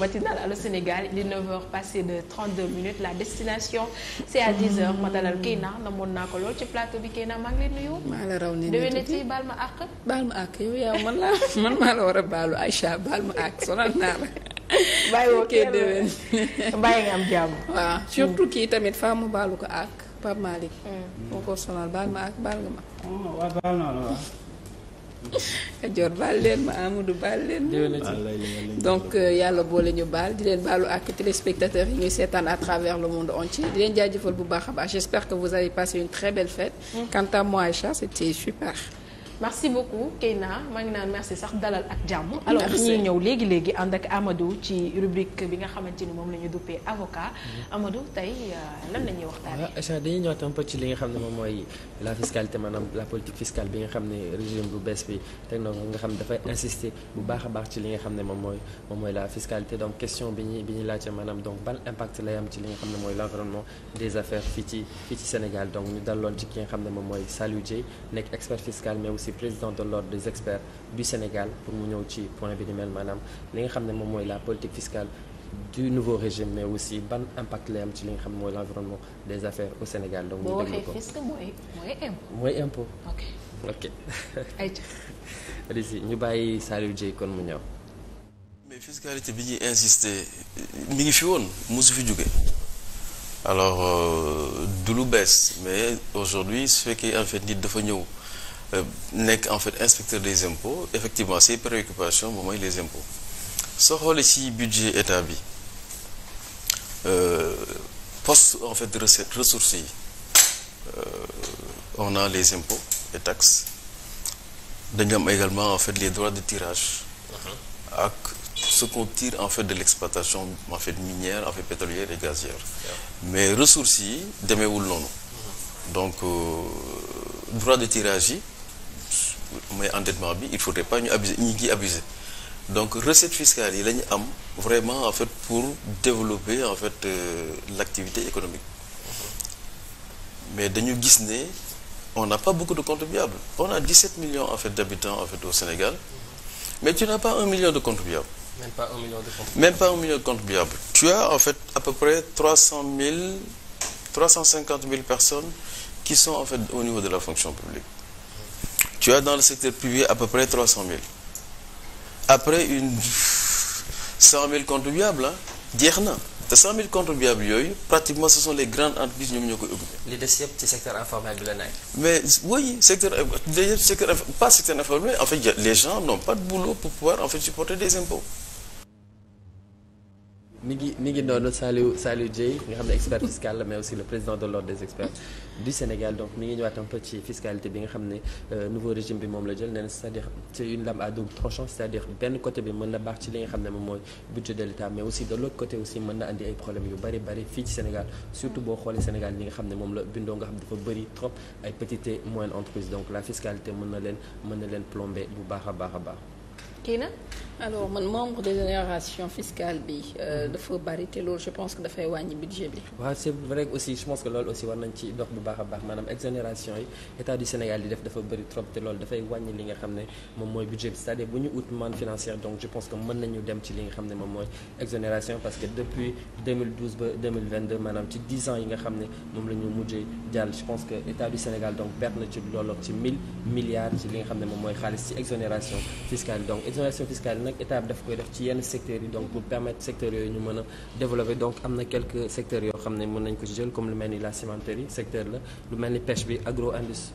matinal Allô Sénégal il est 9h passé de 32 minutes la destination c'est à 10h ma dalal Keina namoon naa ko lool ci plateau bi Keina maa ngi lay nuyu. maa la raw nii déwénati baal ma àq. man laa man maa la war a baalu Aïcha baal ma àq sonal naa la. bàyyi woo kii déwén bàyyi nga am jàmm. waaw hmm. surtout kii tamit faa mu baalu ko àq Pape Malick. boo hmm. sonal baal ma àq baal Kajoor baal leen ma Amadou baal leen donc euh, yàlla boole ñu baal di leen baalu ak téléspectateurs yi ñuy seetaan à travers le monde entier di leen jaajëfal bu baax a baax j'espère que vous avez passé une très belle fête mm. quant à moi Aïcha c'était super merci beaucoup Keyna maa man naan merci sax dalal ak jàmm. alors ñuy ñëw léegi léegi ànd ak Amadou ci rubrique bi nga xamante ni moom la ñu duppee avocat. Mm-hmm. Amadou tey euh, lan la ñuy waxtaanee. waaw li nga xam ne moom mooy la fiscalité maanaam la politique fiscale bi nga xam ne régime bu bees bi teg na nga xam dafay insister baax a baax ci li nga xam ne moom mooy moom mooy la fiscalité donc question bi ñu bi ñuy laajte maanaam donc ban impact lay am ci li nga xam ne mooy l' environnement des affaires fii ci fii ci Sénégal donc ñu dalloon ci ki nga xam ne moom mooy Saliou Dieye nekk expert fiscal mais président de l'ordre des experts du Sénégal pour mu ñëw ci point bi ni mel maanaam li nga xam ne moom mooy la politique fiscale du nouveau régime mais aussi ban impact lay am ci li nga xam ne mooy l'environnement des affaires au Sénégal donc ñu déglu mooy mooy ñu bàyyi Saliou Dieye kon mu ñëw mais fiscalité bi ñuy insister mi ngi fi woon mosu fi jóge alors euh, du lu bees mais aujourd'hui su fekkee en fait nit dafa ñëw Euh, nekk en fait inspecteur des impôts effectivement ses préoccupations moom mooy les impôts soo xoolee ci budget état bi euh, poste en fait de recette ressources yi euh, on a les impôts et taxes dañu am également en fait les droits de tirage uh-huh. ak ce qu'on en fait de l'exploitation en fait minière en fait pétrolière et gazière mais ressources yi demeewul noonu uh-huh. donc euh, de tirage yi mooy endettement bi il faudrait pas ñu abuser ñi ngi abuser donc recette fiscale yi la ñu am vraiment en fait pour développer en fait euh, l'activité économique mais dañu gis ne on n'a pas beaucoup de contribuables on a 17 millions en fait d'habitants en fait au Sénégal mais tu n'as pas un million de contribuables même pas un million de contribuables même pas un million de contribuables tu as en fait à peu près 300 000 350 personnes qui sont en fait au niveau de la fonction publique tu as dans le secteur privé à peu près 300 après une 100 000 contribuables ah jeex na te 100 000 contribuables yooyu pratiquement ce sont les grandes entreprises ñoom ñoo koy mais oui secteur secteur pas secteur informel en fait les gens n'ont pas de boulot pour pouvoir en fait supporter des impôts. mi ngi ni ngi noonu Saliou Saliou Dieye nga xam ne expert fiscal la mais aussi le président de l'ordre des experts du Sénégal donc mi ngi ñëwaat un peu fiscalité bi nga xam ne euh, nouveau régime bi moom la jël nee na c'est-à-dire une lame à double tranchant cest benn côté bi mën na baax ci li nga xam ne moom mooy budget de l'État mais aussi de l'autre côté aussi mën na andi ay problèmes yu bari bari fii ci Sénégal surtout boo xoolee Sénégal ñi nga xam ne moom la bindoo nga xam dafa bari trop ay petites et moyennes entreprises donc la na leen mën na leen plomber bu baax a baax baax kii nag alors man membre d'exonération fiscale bi euh, dafa bari te loolu je pense wàññi budget bi. aussi je pense que loolu aussi war nañ ci dox bu baax a baax maanaam exonération yi loolu dafay wàññi li nga xam ne moom mooy budget bi c'est-à-dire bu ñu ut manne financière donc je pense que mën nañu dem ci li nga xam ne moom mooy exonération parce que depuis 2012 ba 2022 maanaam ci 10 ans yi nga xam ne moom la ñu mujjee jàll je pense que état du Sénégal donc perte na ci loolu ci milliards ci li nga xam ne moom mooy xaalis ci exonération fiscale donc. exonération fiscale yi nag état bi daf koy def ci yenn secteurs yi donc pour permettre secteurs yooyu ñu mën a donc am na quelques secteurs yoo xam ne mën nañ ko ci jël comme lu mel ni la cimenterie secteur la lu mel ni pêche bi agro industrie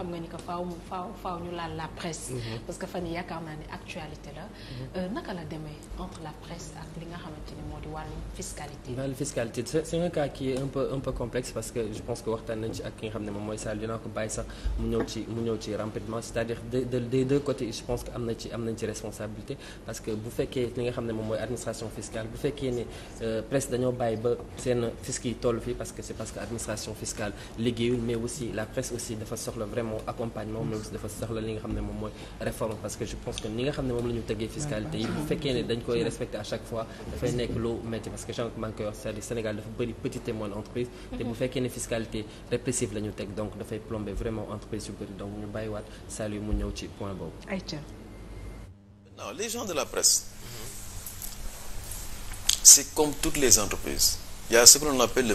xam nga ni que faaw mu faaw faaw ñu laal la presse. Mm-hmm. parce que fan yii yaakaar naa ne actualité la. Mm-hmm. Euh, naka la demee entre la presse ak li nga xam ne moom mooy Sall dinaa ko bàyyi sax mu ñëw ci mu ñëw ci dire de de des je pense que am na ci am nañ ci responsabilité parce que bu fekkee li nga xam ne moom mooy administration fiscale bu fekkee ne euh, presse dañoo bàyyi ba seen fisc yi toll fii parce que c' est parce que administration fiscale liggéeyul mais aussi la presse aussi dafa soxla vraiment. moom accompagnement même si moom mooy réforme parce que je pense que ni nga xam ne moom la ñu fiscalité yi bu fekkee ne dañ koy respecter à chaque fois dafay nekk lu métti parce que genre maa ngi koy Sénégal dafa bëri petite et entreprise te bu fekkee ne fiscalité répressive la teg donc dafay plomber vraiment entreprise yu bëri donc ñu bàyyiwaat salu mu ñëw ci point boobu non les de la presse c'est comme toutes les entreprises il ce que l'on appelle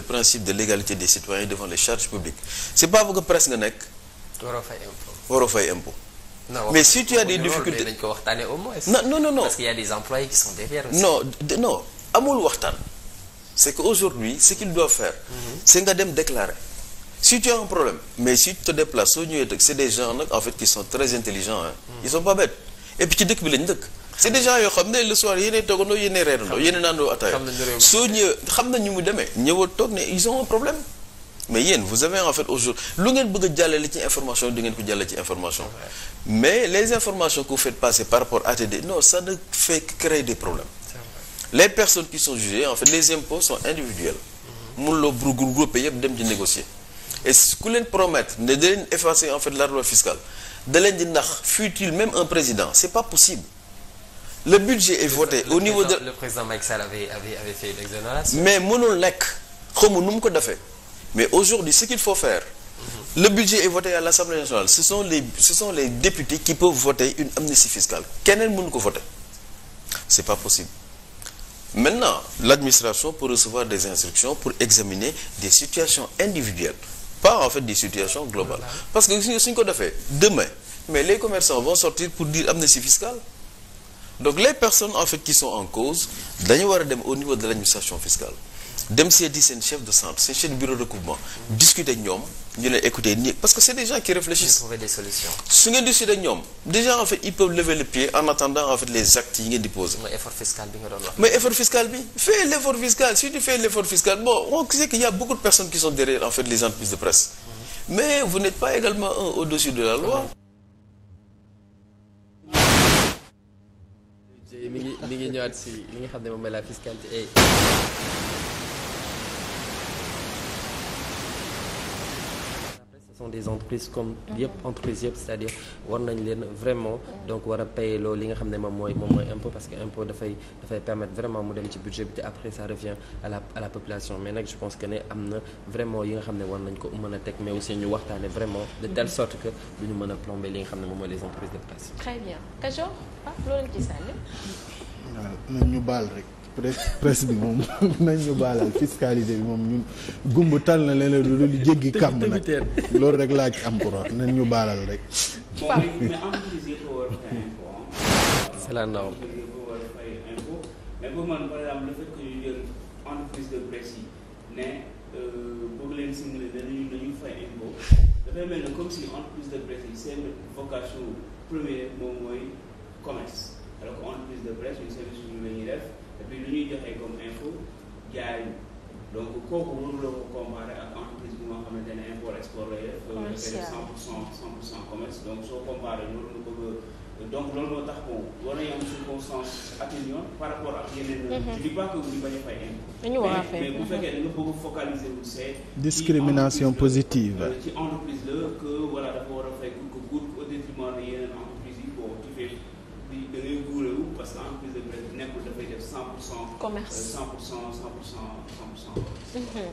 waroo fay impôt waroo fay impôt. mais si tu as des difficultés dañ ko waxtaanee au moins. non non non parce qu'il a des employés qui sont derrière. non non amul waxtaan. c'est que aujourd'hui ce qu'il doit faire. Mhm. c'est nga dem déclarer. si tu un problème mais si tu te soo ñëwee dëkk c'est des gens nag en fait qui sont très intelligents hein. Mhm. ils pas bêtes et ci dëkk bi lañ dëkk. c'est des gens yoo xam ne le soir yéenay toogandoo yéenay reerandoo yéenay naandoo ataaya. soo ñëwee xam nañ ñu mu demee. ñëwoo toog ne ils ont un problème. mais yéen vous avez en fait aujourd'hui lu ngeen bëgg jàlle jàllale ci information du ngeen ko jàllale ci information mais les informations que vous passer par rapport à ATD non ça ne fait que créer des problèmes les personnes qui sont jugées en fait les impôts sont individuels mënuloo mhm. regroupé yëpp dem di négocier et ku leen promettre ne da leen effacer en fait la loi fiscale da leen di ndax fût-il même un président c'est pas possible le budget est voté au niveau de le président Macky Sall mais mënul nekk xamu nu mu ko defee mais aujourd'hui ce qu'il faut faire le budget est voté à l'Assemblée nationale ce sont les ce sont les députés qui peuvent voter une amnistie fiscale keneen mënu ko voter c'est pas possible maintenant l'administration peut recevoir des instructions pour examiner des situations individuelles pas en fait des situations globales parce que suñu ko defee demain mais les commerçants vont sortir pour dire amnistie fiscale donc les personnes en fait qui sont en cause dañu war a dem au niveau de l' fiscale dem seeti seen chef de centre seen chef de bureau de recouvrement discuter ñoom ñu ne écouter nii parce que c' des gens qui réfléchissent. su ngeen discuter ak ñoom déjà en fait ils peuvent lever le pied en attendant en fait les actes yi ngeen di mais effort fiscal bi fais l' effort si tu fais l' effort fiscal bon on sait qu'il y a beaucoup mi ngi ñëwaat li nga xam ne moom mooy la fiscalité et. ce sont des entreprises comme mhm. yëpp entreprises yëpp c'est-à-dire war nañ leen vraiment donc war a payer loolu li nga xam ne moom mooy moom mooy impôt parce que impôt dafay dafay permettre vraiment mu dem ci budget bi te après ça revient à la à la population mais nag je pense que ne am na vraiment yi nga xam ne war nañ ko mën a teg mais aussi ñu waxtaane vraiment de telle mhm. sorte que du ñu mën a plomber li nga xam ne moom mooy les entreprises nañ ñu baal rek presse bi moom nañ ñu baalal fiscalité bi moom ñun gumb tal na leneen lu dul jéggi kàmm nag loolu rek laaj ci am ko nañ ñu baalal rek. c'est alors que entreprise de presse ñun service public la ñuy def et puis lu donc kooku mënuloo ko comparer ak soo comparé loolu donc loolu tax bon war nañu am par rapport ak yeneen. Mhm. je dis pas que ñu a fay impôt. dañu war a fekkee da nga bëgg focaliser wu see. discrimination positive euh, ci entreprise la que voilà dafa war a fay good ko good au détriment yeneen entreprise yi bon tu fais. di da ngay guure wu parce que entreprise de presse nekkul dafay def cent pour cent. commerce euh, cent pour cent mhm.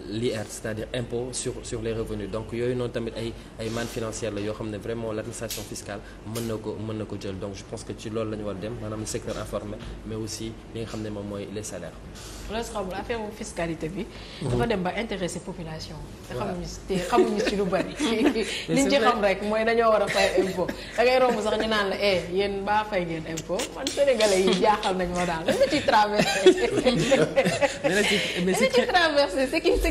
l'IR c'est-à-dire impôt sur sur les revenus donc yooyu noonu tamit ay ay manne financière la yoo xam ne vraiment l'administration fiscale mën na ko mën na ko jël donc je pense que ci loolu la ñu war dem maanaam le secteur informel mais aussi li nga xam ne moom mooy les salaires. loolu xamul mhm. xamuñu te lu bari. liñ ci xam rek mooy dañoo war a fay impôt da ngay romb sax ñu naan la eh yéen baa fay ngeen impôt man sénégalais yi jaaxal nañ ma daal dina ci traversé. dina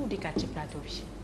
ñëw dikkaat ci plateau bi.